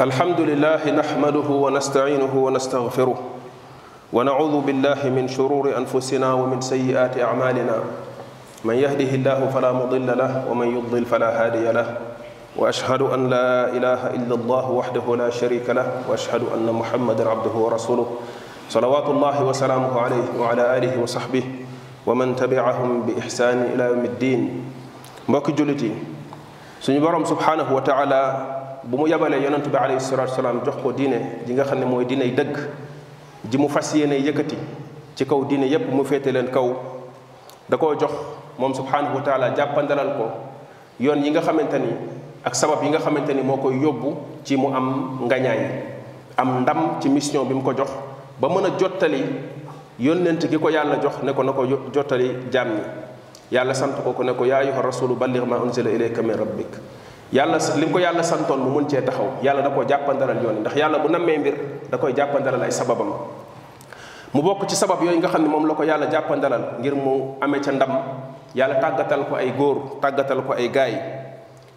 الحمد لله نحمده ونستعينه ونستغفره ونعوذ بالله من شرور انفسنا ومن سيئات اعمالنا من يهده الله فلا مضل له ومن يضلل فلا هادي له واشهد ان لا اله الا الله وحده لا شريك له واشهد ان محمدا عبده ورسوله صلوات الله وسلامه عليه وعلى اله وصحبه ومن تبعهم باحسان الى يوم الدين mbokki jullit yi suñu borom bu mu yabalee yonentu bi alayhi salatu wasalaam jox ko diine ji nga xam ne mooy diiney dëgg ji mu fas yéene yëkkati ci kaw diine yépp mu féete leen kaw da koo jox moom subhaanahu wa taala jàppandalal ko yoon yi nga xamante ni ak sabab yi nga xamante ni moo koy yóbbu ci mu am ngañaay am ndam ci mission bi mu ko jox ba mën a jottali yónnent gi ko yàlla jox ne ko na ko jottali jaam ñi yàlla sant ko ko ne ko yaa ayyuha rasulu balligh ma unzila ilayka min rabbik yàlla li mu ko yàlla santoon mu mun cee taxaw yàlla da koo jàppandaral yoon ndax yàlla bu nammee mbir da koy jàppandaral ay sababam mu bokk ci sabab yooyu nga xam ne moom la ko yàlla jàppandalal ngir mu amee ca ndam yàlla tàggatal ko ay góor tàggatal ko ay gaay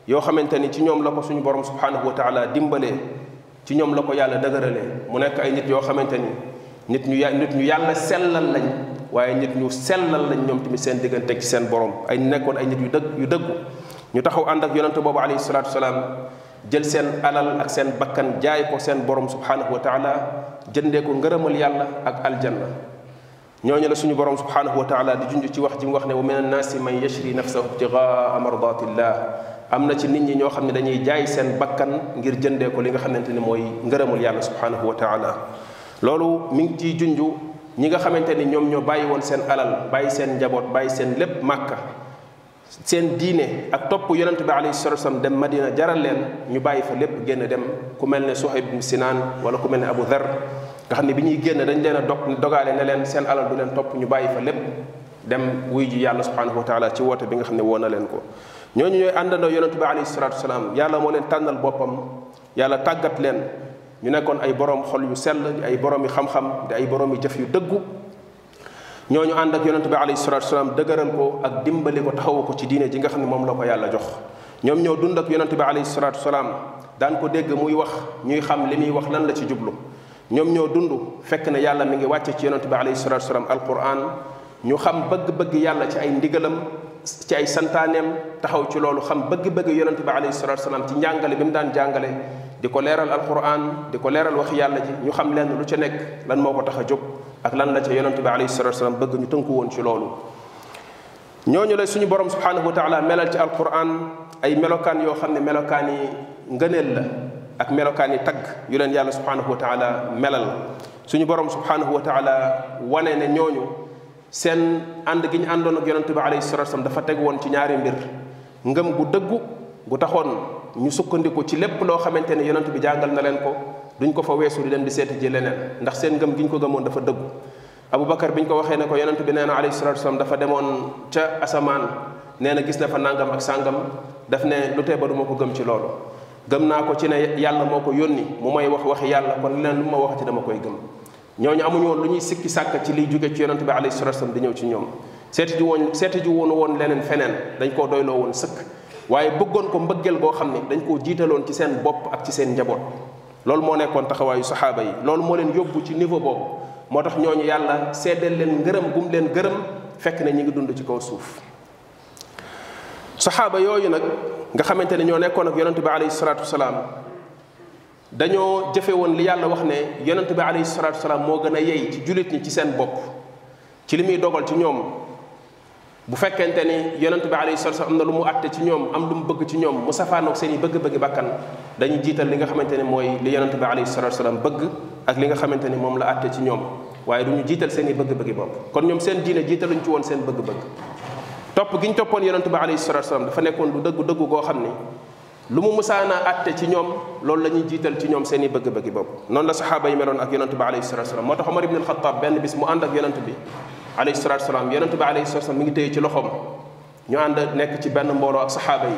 yoo xamante ni ci ñoom la ko suñu borom subhanahu wa taala dimbalee ci ñoom la ko yàlla dëgëralee mu nekk ay nit yoo xamante ni nit ñu ya nit ñu yàlla sellal lañ waaye nit ñu sellal lañ ñoom tamit seen diggante ci seen borom ay nekkoon ay nit yu dëgg yu dëggu ñu taxaw ànd ak yonante boobu alayhi salaatu salaam jël seen alal ak seen bakkan jaay ko seen borom subhaanahu wa taala jëndee ko ngërëmal yàlla ak aljanna ñooñu la suñu borom subhaanahu wa taala di junj ci wax ji mu wax ne wa min annaasi man yashri nafsahu ibtigaa mardatillah am na ci nit ñi ñoo xam ne dañuy jaay seen bakkan ngir jëndee ko li nga xamante ni mooy ngërëmul yàlla subhaanahu wa loolu mi ngi ciy junj ñi nga xamante ni ñoom ñoo bàyyi woon seen alal bàyyi seen njaboot bàyyi seen lépp màkka seen diine ak topp yonent bi alayhi salatu wasallam dem Madina jaral leen ñu bàyyi fa lépp génn dem ku mel ne Suhayb ibn Sinaan wala ku mel ne Abu Dhar nga xam ne bi ñuy génn dañ leen a dog dogaale ne leen seen alal du leen topp ñu bàyyi fa lépp dem wuy ji yàlla subhanahu wa taala ci woote bi nga xam ne woo na leen ko ñooñu ñooy àndandoo yonent bi alayhi salatu wasalam yàlla moo leen tànnal boppam yàlla tàggat leen ñu nekkoon ay borom xol yu sell di ay borom yi xam ay borom yi jëf yu dëggu ñoo ñu ànd ak yonent bi alayhi salatu wasalaam dëgëral ko ak dimbali ko taxawu ko ci diine ji nga xam ne moom la ko yàlla jox ñoom ñoo dund ak yonent bi alayhi salatu wasalaam daan ko dégg muy wax ñuy xam li muy wax lan la ci jublu ñoom ñoo dund fekk na yàlla mi ngi wàcce ci yonent bi alayhi salatu wasalaam alquran ñu xam bëgg-bëgg yàlla ci ay ndigalam ci ay santaaneem taxaw ci loolu xam bëgg-bëgg yonent bi alayhi salatu wasalaam ci njàngale bi mu daan jàngale di ko leeral alquran di ko leeral wax yàlla ji ñu xam lenn lu ca nekk lan moo ko tax a jóg ak lan la ca yonente bi alayhi salatu wasalam bëgg ñu tënku woon ci loolu ñooñu lay suñu borom subhanahu wa taala melal ci alquran ay melokaan yoo xam ne melokaan yi ngëneel la ak melokaan yi tagg yu leen yàlla subhanahu wa taala melal suñu borom subhanahu wa taala wane ne ñooñu seen ànd gi ñu àndoon ak yonente bi alayhi salatu wasalam dafa teg woon ci ñaari mbir ngëm gu dëggu gu taxoon ñu sukkandiku ci lépp loo xamante ne bi jàngal na leen ko duñ ko fa weesu di dem di seeti ji leneen ndax seen ngëm gi ñu ko gëmoon dafa dëggu abubakar biñ ko waxee ne ko yonent bi nee na alayhi salatu wasalam dafa demoon ca asamaan nee na gis na fa nangam ak sàngam daf ne lu tee ba duma ko gëm ci loolu gëm naa ko ci ne yàlla moo ko yónni mu may wax waxi yàlla kon leneen lu ma waxati dama koy gëm ñooñu amuñu lu ñuy sikki sàkk ci liy jóge ci yonent bi alayhi salatu wasalam di ñëw ci ñoom seeti ji woon seeti ji woon woon leneen feneen dañ koo doyloo woon sëkk waaye bëggoon ko mbëggeel goo xam dañ ci seen ak ci seen loolu moo nekkoon taxawaayu saxaaba yi loolu moo leen yóbbu ci niveau boobu moo tax ñooñu yàlla seddal leen ngërëm gum leen gërëm fekk na ñi ngi dund ci kaw suuf saxaaba yooyu nag nga xamante ne ñoo nekkoon ak yonente bi alayhi salaatu wasalaam dañoo jëfe woon li yàlla wax ne yonente bi alayhi salaatu wasalaam moo gën a yey ci jullit ñi ci seen bopp ci li muy dogal ci ñoom bu fekkente ni yonentou bi alayhi salatu am na lu mu atte ci ñom am lu mu bëgg ci ñom musafa nok seeni bëgg-bëgg bakkan dañu jital li nga xamanteni moy li yonentou bi alayhi salatu salaam bëgg ak li nga xamanteni mom la atte ci ñom waaye du ñu jiital seen bëgg-bëggi kon ñoom seen diine jiitaluñ ci woon seen bëgg-bëgg topp gi ñu toppoon bi alayhi salatu dafa lu dëgg dëgg lu mu musana atte ci ñom loolu la ñuy ci ñom seeni bëgg begg bop non la sahaba yi meron ak yonent bi alayhi salatu salaam motax umar ibn al-khattab ben bis mu ànd ak yonent bi alayhi salaatu salaam yonente bi alayhi salaatu salaam mi ngi téye ci loxoom ñu ànd nekk ci benn mbooloo ak saxaaba yi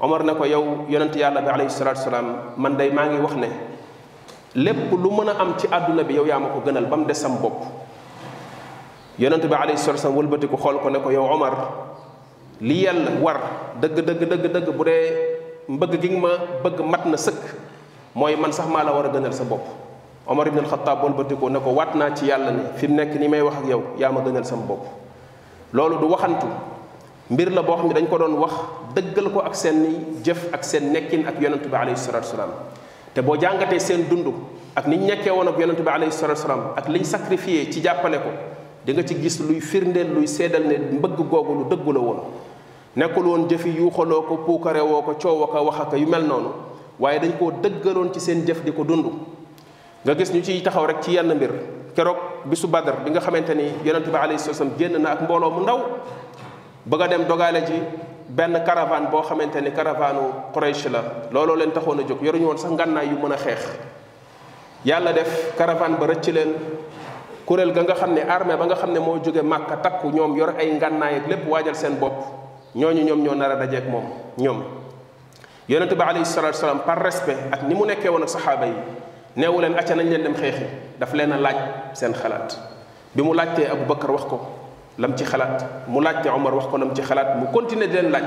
omar ne ko yow yonente yàlla bi alayhi salaatu salaam man day maa ngi wax ne lépp lu mën a am ci àdduna bi yow yaa ma ko gënal ba mu des sam bopp yonente bi alayhi salaatu salaam wëlbati ko xool ko ne ko yow omar li yàlla war dëgg dëgg dëgg dëgg bu dee mbëgg gi nga ma bëgg mat na sëkk mooy man sax maa la war a gënal sa bopp omar ibn alxataab walbatiku ne ko wat naa ci yàlla ne fi mu nekk ni may wax ak yow yaa ma gënal sama bopp loolu du waxantu mbir la boo xam ne dañ ko doon wax dëggal ko ak seen jëf ak seen nekkin ak yonentu bi alayhi salatu te bo jangate sen dundu ak ni ñu won ak yonentu bi alayhi salatu wasalaam ak liñ sacrifier ci jàppale ko di nga ci gis luy firndel luy sédal ne mbëgg gogu lu dëggu la woon nekkul woon jëfi yuuxaloo ko puukare woo ko coow ko wax ak yu mel noonu waye dañ ko dëggalon ci sen jëf diko dundu nga gis ñu ci taxaw rek ci yenn mbir keroog bisu badar bi nga xamante ni yonente bi alayhi salaam génn na ak mbooloo mu ndaw bëgg a dem dogaale ji benn caravane boo xamante ni caravanu Quraysh la looloo leen taxoon a jóg yoruñu woon sax ngànnaay yu mën a xeex yàlla def caravane ba rëcc leen kuréel ga nga xam ne armée ba nga xam ne moo jóge màkka takku ñoom yor ay ngànnaay ak lépp waajal seen bopp ñooñu ñoom ñoo nar a dajeeg moom ñoom yonente bi alayhi salatu salaam par respect ak ni mu nekkee woon ak saxaaba yi neewu leen acca nañ leen dem xeexi daf leen a laaj seen xalaat bi mu laajtee abou bakar wax ko lam ci xalaat mu laajte omar wax ko lam ci xalaat mu continuer di leen laaj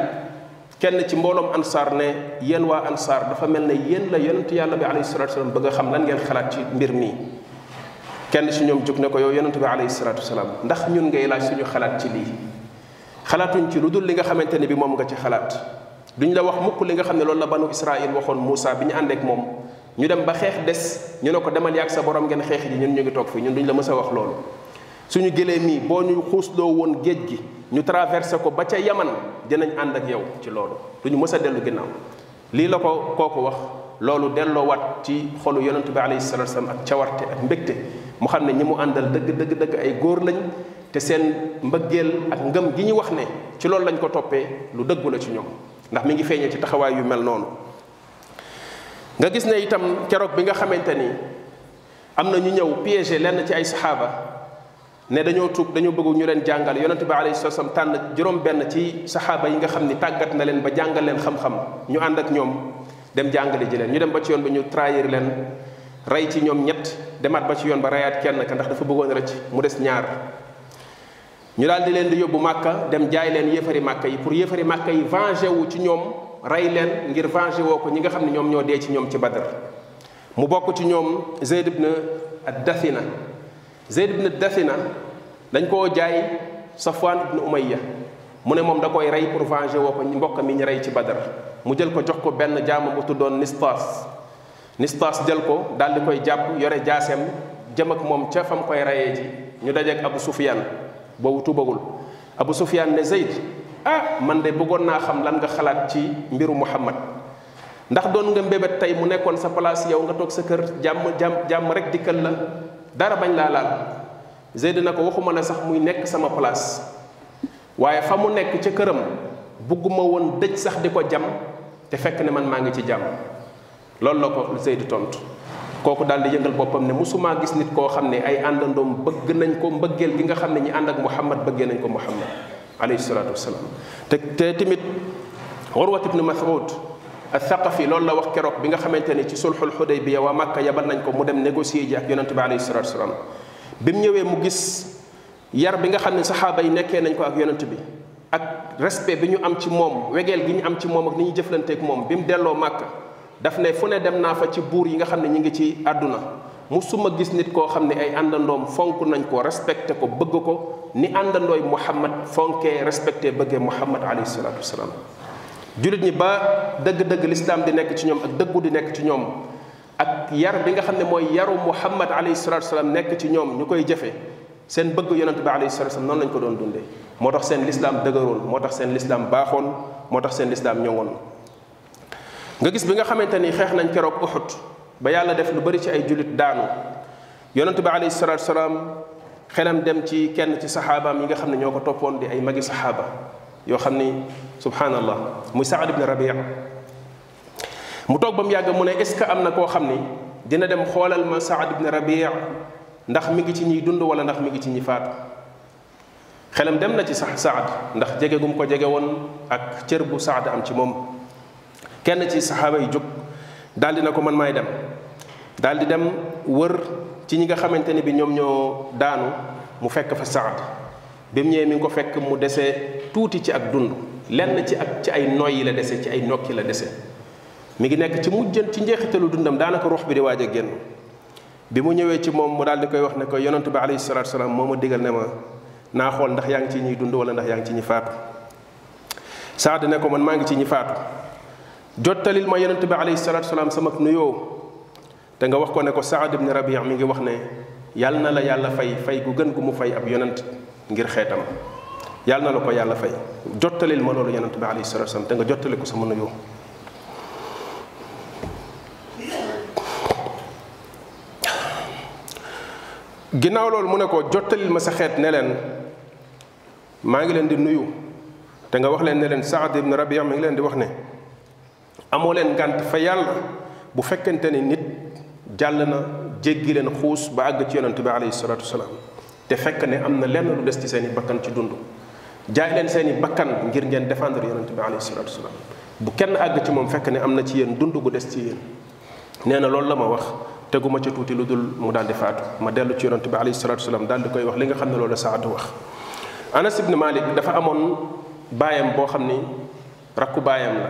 kenn ci mbooloom ansaar ne yéen waa ansaar dafa mel ne yéen la yonent yàlla bi alayhi salatu wasalam bëgg a xam lan ngeen xalaat ci mbir mii kenn ci ñoom jóg ne ko yow yonent bi alayhi salatu wasalam ndax ñun ngay laaj suñu xalaat ci lii xalaatuñ ci lu dul li nga xamante ne bi moom nga ci xalaat duñ la wax mukk li nga xam ne loolu la banu israil waxoon moussa bi ñu àndeek moom ñu dem ba xeex des ñu ne ko demal ak sa borom ngeen xeex ji ñun ñu ngi toog fii ñun duñ la mës a wax loolu suñu gëlee mii boo ñu xuusloo woon géej gi ñu traversé ko ba ca yaman dinañ ànd ak yow ci loolu duñu mës a dellu ginnaaw lii la ko kooku wax loolu delloo delloowaat ci xolu yonentu bi alayhi salatu wasalam ak cawarte ak mbégte mu xam ne ñi mu àndal dëgg dëgg dëgg ay góor lañ te seen mbëggeel ak ngëm gi ñu wax ne ci loolu lañ ko toppee lu dëggu la ci ñoom ndax mi ngi feeñee ci taxawaay yu mel noonu nga gis ne itam keroog bi nga xamante ni am na ñu ñëw piégé lenn ci ay saxaaba ne dañoo tuub dañoo bëgg ñu leen jàngal yonente bi alayhi salaam tànn juróom benn ci saxaaba yi nga xam ni tàggat na leen ba jàngal leen xam-xam ñu ànd ak ñoom dem jàngale ji leen ñu dem ba ci yoon bi ñu trahir leen rey ci ñoom ñett demaat ba ci yoon ba reyaat kenn ka ndax dafa bëggoon rëcc mu des ñaar ñu daal di leen di yóbbu màkka dem jaay leen yëfari màkka yi pour yéefari màkka yi venger wu ci ñoom rey leen ngir venger woo ko ñi nga xam ne ñoom ñoo dee ci ñoom ci Badr mu bokk ci ñoom Zayd ibn Dathina Zayd ibn Dathina dañ koo jaay Safwan ibn Umayya mu ne moom da koy rey pour venger woo ko ñu mbokk mi ñu rey ci Badr mu jël ko jox ko benn jaama bu tuddoon Nistas Nistas jël ko daal di koy jàpp yore jaaseem jëm ak moom ca fam koy reyee ji ñu dajeek Abu Sufyan boobu tubagul Abu Sufyan ne Zayd ah man de bëggoon naa xam lan nga xalaat ci mbiru muhammad ndax doon nga mbébét tey mu nekkoon sa place yow nga toog sa kër jàmm jàmm jàmm rek dikkal la dara bañ laa laal zeyd na ko waxuma la sax muy nekk sama place waaye fa mu nekk ca këram bugguma woon dëj sax di ko jam te fekk ne man maa ngi ci jàmm loolu la ko zeyd tontu kooku daal di yëngal boppam ne musuma gis nit koo xam ne ay àndandoom bëgg nañ ko mbëggeel gi nga xam ne ñi ànd ak muhammad bëggee nañ ko muhammad عليه الصلاة والسلام تتمت عروة بن مسعود الثقفي لولا لا وقت كروك بيغا خمانتاني تي صلح الحديبية ومكة يبال نانكو مدام نيغوسيي جاك ينانتبه عليه الصلاة والسلام بيم نيوي مجيس يار بيغا خمان صحابة ينكي نانكو اك ينانتبه اك رسبي بنيو ام تي موم ويغيل بنيو ام تي موم اك نيجي جفلن تيك موم بيم دلو مكة دفنة فونة دمنا فا تي بور يغا خمان نيجي تي أدونا musuma gis nit koo xam ne ay àndandoom fonk nañ ko respecté ko bëgg ko ni àndandooy muhammad fonkee respecté bëggee muhammad alayhi salaatu wasalaam jullit ñi ba dëgg-dëgg lislaam di nekk ci ñoom ak dëggu di nekk ci ñoom ak yar bi nga xam ne mooy yaru muhammad alayhi salaatu wasalaam nekk ci ñoom ñu koy jëfe seen bëgg yonent bi alayhi salaatu wasalaam noonu lañ ko doon dundee moo tax seen lislaam dëgëroon moo tax seen lislaam baaxoon moo tax seen lislaam ñoŋoon nga gis bi nga xamante ni xeex nañ keroog Uhud ba yàlla def lu bari ci ay julit daanu yonentu bi alayhi salatu salaam xelam dem ci kenn ci saxaabaam yi nga xam ne ñoo ko toppoon di ay magi sahaba yoo xam ni subhanallah muy saad ibn rabia mu toog ba mu yàgg mu ne est-ce que am na koo xam ni dina dem xoolal ma saad ibn rabia ndax mi ngi ci ñiy dund wala ndax mi ngi ci ñi faatu xelam dem na ci sax saad ndax jege gum ko jege woon ak cër bu saad am ci moom kenn ci saxaaba yi jóg daal di na ko man maay dem daal di dem wër ci ñi nga xamante ni bi ñoom ñoo daanu mu fekk fa saad bi mu ñëwee mi ko fekk mu dese tuuti ci ak dund lenn ci ak ci ay noyyi la dese ci ay nokki la dese mi ngi nekk ci mu jën ci njeexitalu dundam daanaka ruux bi di waaj génn bi mu ñëwee ci moom mu daal di koy wax ne ko yonentu bi alayhi salaam moo ma digal ne ma naa xool ndax yaa ngi ci ñuy dund wala ndax yaa ngi ci ñi faatu saad ne ko man maa ngi ci ñi faatu jottalil ma yonent bi alayhi salatu wasalam sama nuyo te nga wax ko ne ko saad ibn rabi' mi ngi wax ne yàll na la yàlla fay fay gu gën gu mu fay ab yonent ngir xetam yàll na la ko yàlla fay jottalil ma lolu yonent bi alayhi salatu wasalam te nga jottali ko sama nuyo ginaaw loolu mu ne ko ma sa xet ne len ma ngi len di nuyu te nga wax len ne len saad ibn rabi' mi ngi len di wax ne amoo gant ngànt fa yàlla bu fekente ni nit jàll na jéggi leen xuus ba ag ci yonentou bi alayhi salatu wassalam te fek ne amna len lu dess ci seen bakkan ci dund jaay len seen bakkan ngir ngeen défendre yonentou bi alayhi salatu wassalam bu kenn ag ci mom fek ne amna ci yéen dund gu dess ci yéen neena lol la ma wax teguma ca tuuti lu mu daldi faatu ma delu ci yonentou bi alayhi salatu wassalam daldi koy wax li nga xamne ne la saadu wax anas ibn malik dafa amone bayam bo xamni rakku bayam la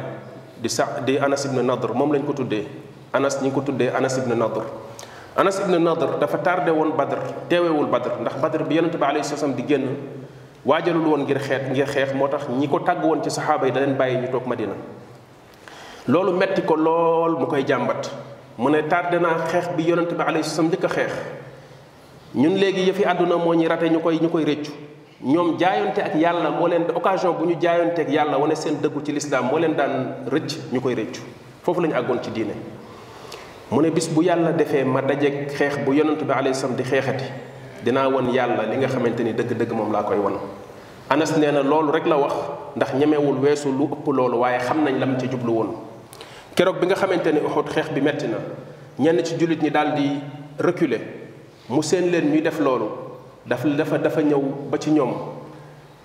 di sa di Anas ibn Nadr moom lañ ko tuddee Anas ñu ko tuddee Anas ibn Nadr Anas ibn Nadr dafa tardé woon Badr teewewul Badr ndax Badr bi yonente bi alayhi salaam di génn waajalul woon ngir xeet ngir xeex moo tax ñi ko tàgg woon ci saxaaba yi da bàyyi ñu toog Madina loolu metti ko lool mu koy jàmbat mu ne tardé na xeex bi yonente bi alayhi salaam njëkk a xeex ñun léegi yëfi àdduna moo ñuy rate ñu koy ñu koy rëccu ñoom jaayonte ak yàlla moo leen occasion bu ñu jaayonte ak yàlla wane seen dëggu ci lislaam moo leen daan rëcc ñu koy rëccu foofu la ñu àggoon ci diine mu ne bis bu yàlla defee ma dajeeg xeex bu yonent bi alayhi salaam di xeexati dinaa won yàlla li nga xamante ni dëgg-dëgg moom laa koy won anas nee na loolu rek la wax ndax ñemewul weesu lu ëpp loolu waaye xam nañ lam ci jublu woon keroog bi nga xamante ni Uhud xeex bi metti na ñenn ci jullit ñi daal di reculer mu seen leen ñuy def loolu daf dafa dafa ñëw ba ci ñoom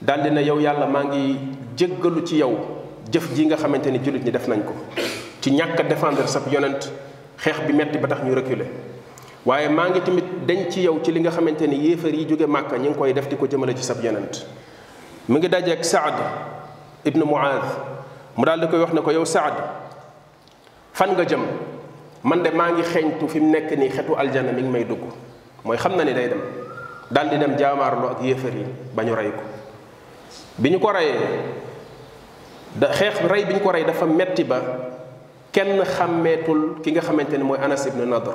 daldi na yow yàlla maa ngi jéggalu ci yow jëf ji nga xamante ni jullit ñi def nañ ko ci ñàkk a sab yonent xeex bi metti ba tax ñu reculer waaye maa ngi tamit dañ ci yow ci li nga xamante ni yéefar yi jóge màkka ñi ngi koy def di ko jëmale ci sab yonent mu ngi dajeeg Saad ibnu Muaaz mu daal di koy wax ne ko yow Saad fan nga jëm man de maa ngi xeeñtu fi mu nekk nii xetu aljana mi ngi may dugg mooy xam na ni day dem dal di dem lo ak yéefar bañu ray ko biñu ko rayé da xex ray biñu ko ray dafa metti ba kenn xametul ki nga xamanteni moy anas ibn nadr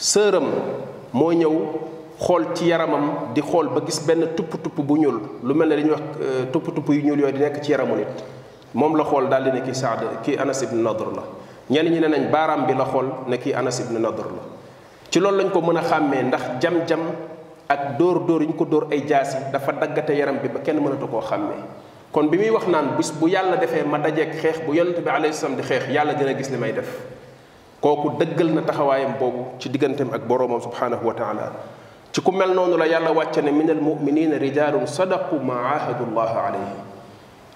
sëram mo ñëw xol ci yaramam di xol ba gis ben tup tup bu ñul lu melni ne dañuy wax tup tup yu ñul yooyu di nek ci yaramu nit mom la xol dal di ne kii saad ki anas ibn nadr la ñen ñi nenañ baram bi la xol ne ki anas ibn nadr la ci loolu lañ ko mëna xamé ndax jam-jam ak dor dor yiñ ko dor ay jaas dafa daggate yaram bi ba kenn mënatu koo xàmmee kon bi muy wax naan bis bu yàlla defee ma dajeeg xeex bu yonent bi alayhi salaam di xeex yàlla dina gis li may def kooku dëggal na taxawaayam boobu ci digganteem ak boroomam subhanahu wa taala ci ku mel noonu la yàlla wàcce ne min al muminina rijalun sadaqu ma ahadu llah alayhi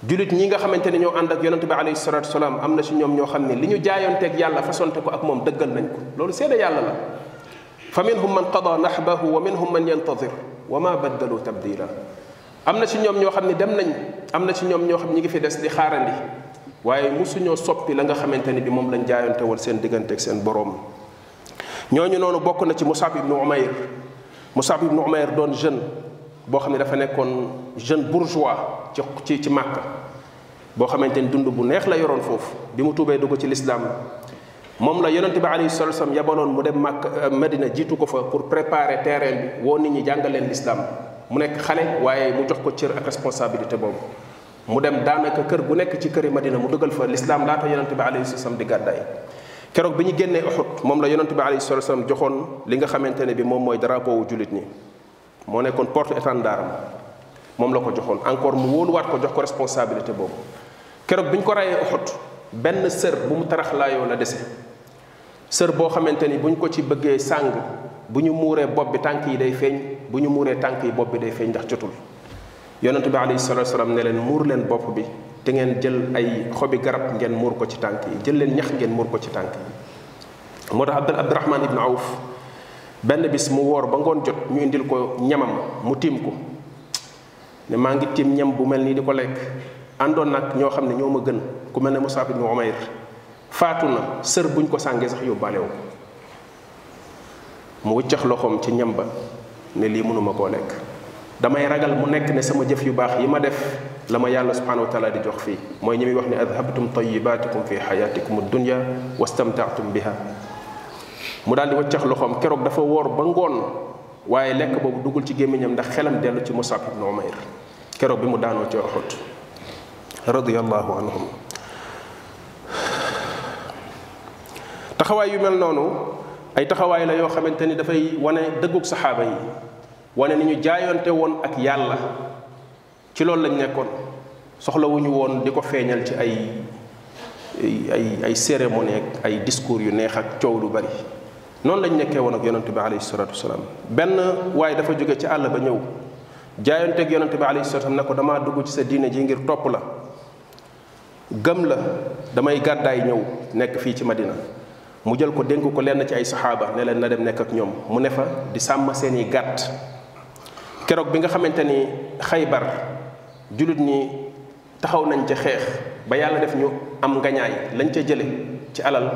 julit ñi nga xamante ne ñoo ànd ak yonente bi alayhi salatu wasalaam am na si ñoom ñoo xam ne li ñu jaayoonteeg yàlla fasonte ko ak moom dëggal nañ ko loolu seede yàlla la فمنهم من قضى نحبه ومنهم من ينتظر وما بدلوا تبديلا امنا سي نيوم ньо خامني دم نان امنا سي نيوم ньо خامني في ديس دي خاراندي واي موسو نيو سوبي لاغا خامتاني بي موم لان جايونتا وول سين ديغانتك سين بوروم ньо ньо نونو بوكو نا سي مصعب بن عمير مصعب بن عمير دون جن بو خامني دا فا نيكون جن بورجوا سي سي مكه بو خامتاني دوندو بو نيه لا يورون فوف بيمو توبي دوكو سي الاسلام mom la yonnati bi alayhi salatu wasallam yabaloon mu dem mak medina jitu ko fa pour préparer terrain bi wo nit ñi jangale l'islam mu nek xale waye mu jox ko cër ak responsabilité bob mu dem daanaka kër gu nek ci këri medina mu duggal fa l'islam la ta yonnati bi alayhi salatu wasallam di gaday kérok biñu génné uhud mom la yonnati bi alayhi salatu wasallam joxon li nga xamantene bi mom moy drapeau wu julit ñi mo nekkon porte étendard mom la ko joxon encore mu wat ko jox ko responsabilité bob kérok biñ ko rayé uhud ben sër bu mu tarax la yo la dessé sër boo xamante ni bu ñu ko ci bëggee sàng bu ñu muuree bopp bi tànk yi day feeñ bu ñu muuree tànk yi bopp bi day feeñ ndax jotul yonent bi alayhi salatu salaam ne leen muur leen bopp bi te ngeen jël ay xobi garab ngeen muur ko ci tànk yi jël leen ñax ngeen muur ko ci tànk yi moo tax abdul abdurahman ibn awf benn bis mu woor ba ngoon jot ñu indil ko ñamam mu tiim ko ne maa ngi tiim ñam bu mel nii di ko lekk àndoon nag ñoo xam ne ñoo ma gën ku mel ne Musab ibn Umayr faatu na sër buñ ko sàngee sax yóbbaale wu mu wëccax loxoom ci ñam ba ne lii mënuma koo lekk damay ragal mu nekk ne sama jëf yu baax yi ma def la ma yàlla subhanahu wa taala di jox fii mooy ñi muy wax ne adhabtum tayibatikum fi xayaatikum dunya wastamtaatum biha mu daal di waccax loxoom keroog dafa woor ba ngoon waaye lekk boobu dugul ci gémmiñam ndax xelam dellu ci musab ibnu umayr keroog bi mu daanoo ci oxot radiallahu anhum taxawaay yu mel noonu ay taxawaay la yoo xamante ni dafay wane dëggug saxaaba yi wane ni ñu jaayonte woon ak yàlla ci loolu lañ nekkoon soxlawuñu woon di ko feeñal ci ay ay ay cérémonie ak ay discours yu neex ak coow lu bari noonu lañ nekkee woon ak yonante bi alayhi salaatu wasalaam benn waaye dafa jóge ci àll ba ñëw jaayanteeg yonante bi alayhi salaatu wasalaam ne ko damaa dugg ci sa diine ji ngir topp la gëm la damay gàddaay ñëw nekk fii ci Madina mu jël ko dénk ko lenn ci ay sahaba ne leen na dem nekk ak ñoom mu ne fa di sàmm seeni gàtt keroog bi nga xamante ni xaybar julit ñi taxaw nañ ca xeex ba yàlla def ñu am ngañaay lañ ca jële ci alal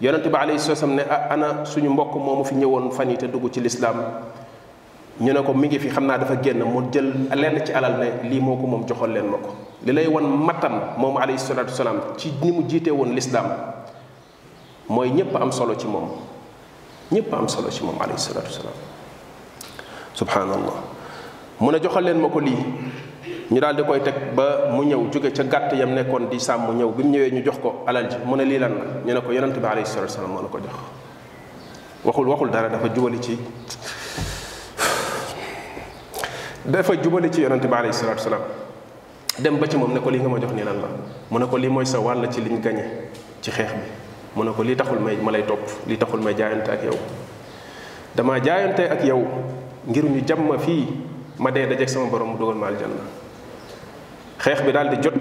yonente bi alayhi salaam ne ana suñu mbokk moomu fi ñëwoon fan yi te dugg ci lislaam ñu ne ko mi ngi fi xam naa dafa génn mu jël lenn ci alal ne lii moo ko moom joxal leen ma ko li lay won matam moom alayhi salaatu wasalaam ci ni mu jiite woon lislaam moy ñépp am solo ci mom ñépp am solo ci mom alayhi salatu wassalam subhanallah mu ne joxal leen mako li ñu dal di koy tek ba mu ñëw jóge ci gàtt yam nekkon di sàmm ñëw bi mu ñëwee ñu jox ko alal ji mu ne li lan ñu ne ko yonent bi alayhi salatu wassalam mo la ko jox waxul waxul dara dafa jubali ci dafa jubali ci yonent bi alayhi salatu wassalam dem ba ci mom ne ko li nga ma jox ni lan la mu ne ko li moy sa wal ci liñ gagné ci xex bi mu ne ko li taxul may ma lay topp li taxul may jaayante ak yow dama jaayante ak yow ngir ñu jam ma fii ma dee dajeeg sama borom mu dugal ma aljanna xeex bi daal di jot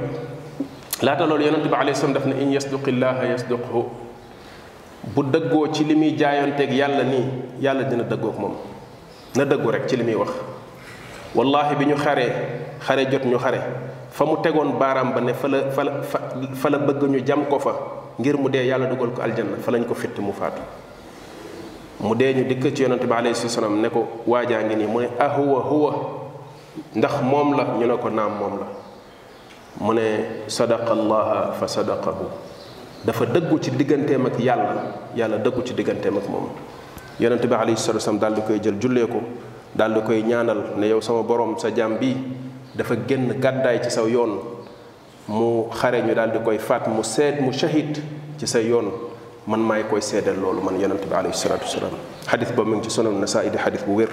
laata loolu yonent bi alayhi salaam daf ne in yasduqillaha yasduqhu bu dëggoo ci li muy jaayanteeg yàlla nii yàlla dina dëggoog moom na dëggu rek ci li muy wax wallahi bi ñu xaree xare jot ñu xare fa mu tegoon baaraam ba ne fa la fa la fa la bëgg ñu jam ko fa ngir mu dee yàlla dugal ko aljanna fa lañ ko fitt mu faatu mu dee ñu dikk ci yonante bi alayhi salaam ne ko waajaa ngi nii mu ne ahuwa ah, huwa ndax moom la ñu ne ko naam moom la mu ne sadaqa allaha fa sadaqahu dafa dëggu ci digganteem ak yàlla yàlla dëggu ci digganteem ak moom yonante bi alayhi salaam daal di koy jël jullee ko daal di koy ñaanal ne yow sama boroom sa jaam bii dafa génn gàddaay ci saw yoon mu xare ñu daal di koy faat mu seet mu shahid ci sa yoon man maay koy seedal loolu man yonent bi alayhi salatu wasalaam xadis boobu mu ngi ci sunan nasaai di xadis bu wér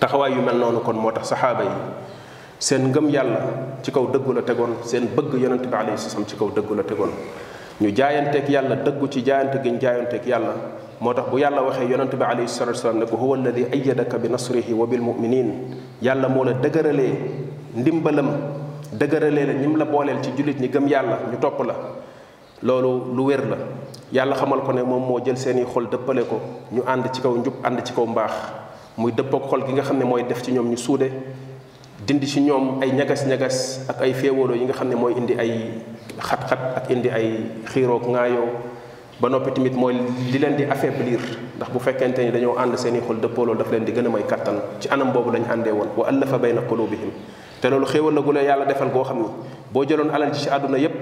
taxawaay yu mel noonu kon moo tax saxaaba yi seen ngëm yàlla ci kaw dëggu la tegoon seen bëgg yonent bi alayhi salaam ci kaw dëggu la tegoon ñu jaayanteeg yàlla dëggu ci jaayante gi ñu jaayanteeg yàlla moo tax bu yàlla waxee yonent bi alayhi salatu wasalaam ne ko huwa alladi ayyadaka bi nasrihi wa bil muminin yàlla moo la dëgëralee ndimbalam dëgëralee la ñim la booleel ci jullit ñi gëm yàlla ñu topp la loolu lu wér la yàlla xamal ko ne moom moo jël seeni xol dëppale ko ñu ànd ci kaw njub ànd ci kaw mbaax muy dëppook xol gi nga xam ne mooy def ci ñoom ñu suude dindi ci ñoom ay ñagas-ñagas ak ay féewaloo yi nga xam ne mooy indi ay xat-xat ak indi ay xiiroog ŋaayoo ba noppi tamit mooy li leen di affaiblir ndax bu fekkente ni dañoo ànd seeni xol dëppoo loolu daf leen di gën a may anam boobu lañu àndee woon wa allafa bayna qulubihim te loolu xéewal na gulé yàlla defal go xamni bo jëlon alal ci aduna yépp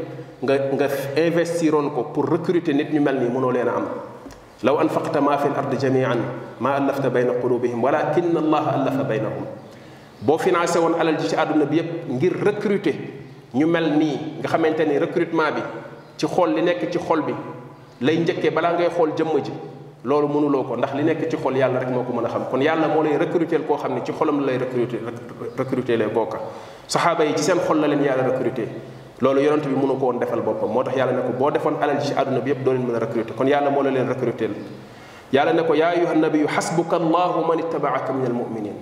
nga nga investiron ko pour recruter nit ñu melni mëno leena am law anfaqta ma fil ard jamian ma allafta bayna qulubihim walakin allah alafa baynahum bo financé won alal ci aduna bi yépp ngir recruter ñu melni nga xamanteni recrutement bi ci xol li nekk ci xol bi lay ñëkke bala ngay xol jëm ji loolu mënuloo ko ndax li nekk ci xol yàlla rek moko ko xam kon yàlla mo lay recruter ko xamni ci xolam lay recruter recruter lay kooka sahaba yi ci seen xol la len yàlla recruter lolu yonent bi mënu ko won defal bopam motax yàlla ne bo defon alal ci aduna bi yeb do len mën recruter kon yàlla mo la len recruter yàlla ne ya yaa ayuha nabiyu xasbuka allahu man ittabaaka min almuminin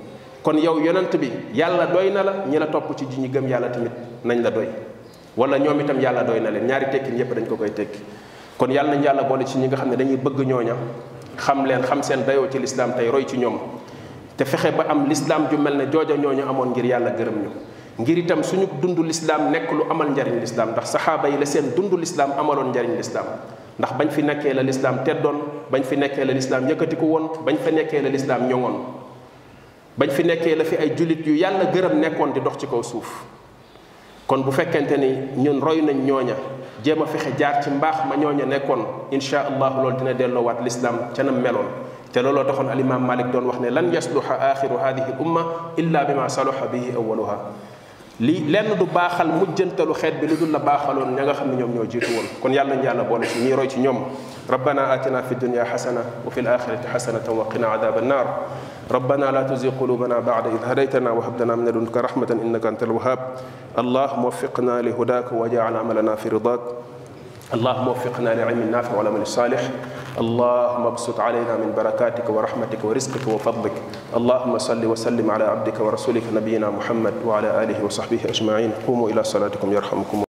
kon yow yonent bi yàlla doyna la ñi la topp ci ji gëm yàlla tamit nañ la doy wala ñoom itam yàlla doyna len ñaari tekki yépp dañ ko koy tekki kon yàlla nañ yàlla boole ci ñi nga xamne dañuy bëgg ñoña xam leen xam seen dayo ci l'islam tay roy ci ñom te fexe ba am l'islam ju melne jojo ñoña amon ngir yàlla gëreem ñu ngir itam suñu dund l'islam nek lu amal njariñ l'islam ndax sahaba yi la seen dund l'islam amalon njariñ l'islam ndax bañ fi nekké la l'islam teddon bañ fi nekké la l'islam yëkëti yëkkatiku won bañ fa nekké la l'islam ñongon bañ fi nekké la fi ay julit yu yàlla gëreem nekkon di dox ci kaw suuf kon bu fekkente ni ñun roy nañ ñoña jéem a fexe jaar ci mbaax ma ñooña nekkoon insha allahu loolu dina delloowaat lislaam ca nam meloon te looloo taxoon alimaam malik doon wax ne lan yasluha axiru hadihi l umma illa bi ma saluha bihi awaluha li lenn du baaxal mujjantalu xeet bi lu dul la baaxaloon ña nga xam ne ñoom ñoo jiitu woon kon yàlla nañ yàlla boole ci ñii roy ci ñoom rabbana atina fi dunya xasana wa fi laxirati xasanatan wa qina adab annar ربنا لا تزغ قلوبنا بعد إذ هديتنا وهب لنا من لدنك رحمة إنك أنت الوهاب اللهم وفقنا لهداك واجعل عملنا في رضاك اللهم وفقنا لعلم النافع والعمل الصالح اللهم ابسط علينا من بركاتك ورحمتك ورزقك وفضلك اللهم صل وسلم على عبدك ورسولك نبينا محمد وعلى اله وصحبه اجمعين قوموا الى صلاتكم يرحمكم